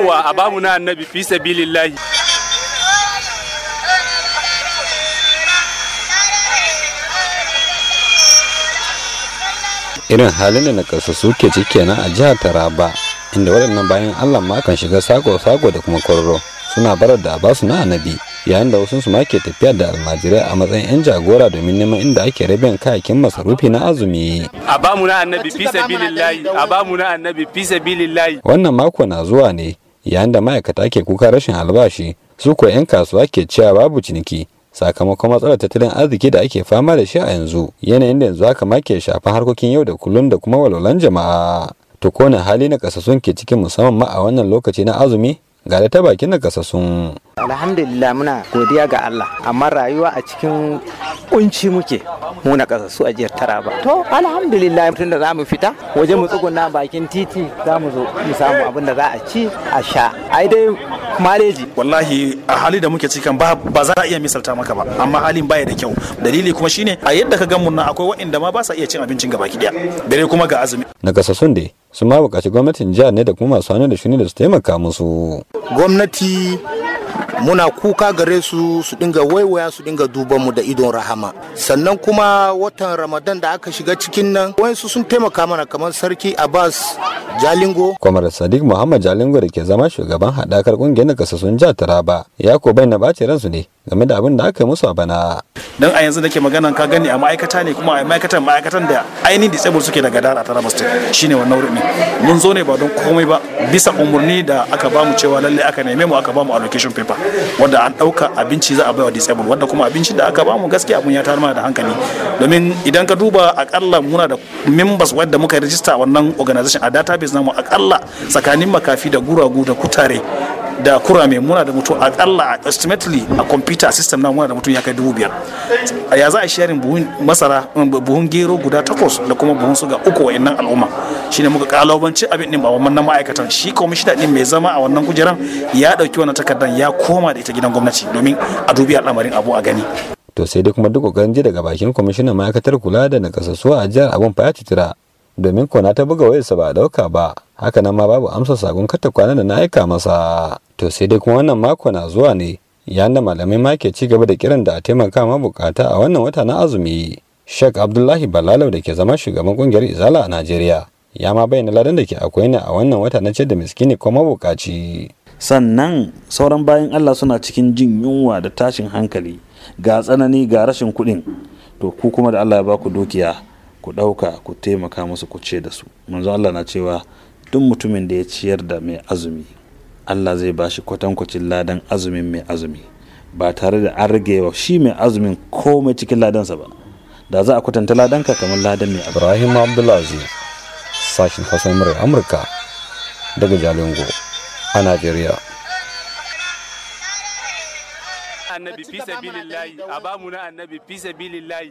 wa a babu na annabi fi sabilillahi irin halin da na kasu suke ciki na a jihar taraba inda waɗannan bayan allah ma kan shiga sako-sako da kuma kwarro suna barar da basu na annabi yayin da wasu ma ke tafiya da almajirai a matsayin 'yan jagora domin neman inda ake rabin kayakin masarufi na azumi. A bamu a bamu na annabi fi sabilillahi. Wannan mako na zuwa ne yayin da ma'aikata ke kuka rashin albashi su kuwa 'yan kasuwa ke cewa babu ciniki sakamakon matsalar tattalin arziki da ake fama da shi a yanzu yanayin da yanzu haka ma ke shafi harkokin yau da kullum da kuma walwalan jama'a to kone hali na kasasun ke cikin musamman ma a wannan lokaci na azumi ga da ta bakin na kasasun alhamdulillah muna godiya ga Allah amma rayuwa a cikin kunci muke mu na ƙasa su ajiyar tara ba to alhamdulillah tun da zamu fita waje mu tsuguna bakin titi zamu zo mu samu abin da za a ci a sha ai dai maleji wallahi a hali da muke cikin ba ba za a iya misalta maka ba amma halin baya da kyau dalili kuma shine a yadda ka ga mun nan akwai waɗanda ma ba sa iya cin abincin gaba ki daya dare kuma ga azumi na sun dai su ma bukaci gwamnatin jihar ne da kuma masu hannu da ne da su taimaka musu gwamnati muna kuka gare su su dinga waiwaya su dinga duban mu da idon rahama sannan kuma watan ramadan da aka shiga cikin nan wayansu sun taimaka mana kamar sarki abbas jalingo kwamar sadiq muhammad jalingo da ke zama shugaban haɗakar ƙungiyar nakasassun jihar taraba ya ko bai na ɓace ransu ne game da abin da aka musu a bana. Don a yanzu nake magana ka gani a ma'aikata ne kuma a ma'aikatan ma'aikatan da ainihin disabled suke daga dara a ne State shine wannan wurin Mun zo ne ba don komai ba bisa umarni da aka bamu cewa lalle aka neme mu aka bamu allocation paper wanda an dauka abinci za a baiwa disabled wanda kuma abinci da aka bamu gaskiya abin ya tar mana da hankali domin idan ka duba akalla muna da members wadda muka register wannan organization a database namu akalla tsakanin makafi da guragu da kutare da kurame muna da mutum a estimately a computer system na muna da mutum ya kai dubu biyar ya za a sharing buhun masara um, buhun gero guda takwas da kuma buhun suga uku wa wa'annan al'umma shine muka kalubanci abin din ba wannan ma'aikatan shi kwamishina din mai zama a wannan kujeran ya ɗauki wannan takardar ya koma da ita gidan gwamnati domin a dubi al'amarin abu a gani to sai dai kuma duk kokarin daga bakin kwamishinan ma'aikatar kula da nakasassuwa a jihar abun fa ya domin kona ta buga wayarsa ba a dauka ba haka nan ma babu amsa sagun kata kwanan da na aika masa to sai dai kuma wannan mako na zuwa ne yayin da malamai ma ke ci gaba da kiran da a taimaka ma bukata a wannan wata na azumi Sheikh Abdullahi Balalau da ke zama shugaban kungiyar Izala a Najeriya ya ma bayyana ladan da ke akwai ne a wannan wata na ce da miskini ko mabukaci sannan sauran bayan Allah suna cikin jin yunwa da tashin hankali ga tsanani ga rashin kuɗin to ku kuma da Allah ya baku dukiya ku ɗauka ku taimaka musu ku ce da su manzo Allah na cewa duk mutumin da ya ciyar da mai azumi Allah zai bashi kwatankwacin ladan azumin mai azumi ba tare da an rage wa shi mai azumin komai cikin ladansa ba da za a kwatanta ladanka kamar ladan mai Ibrahim Abdulaziz sashin Hausa murar Amurka daga Jalingo a Najeriya annabi fi sabilillahi a bamu na annabi fi sabilillahi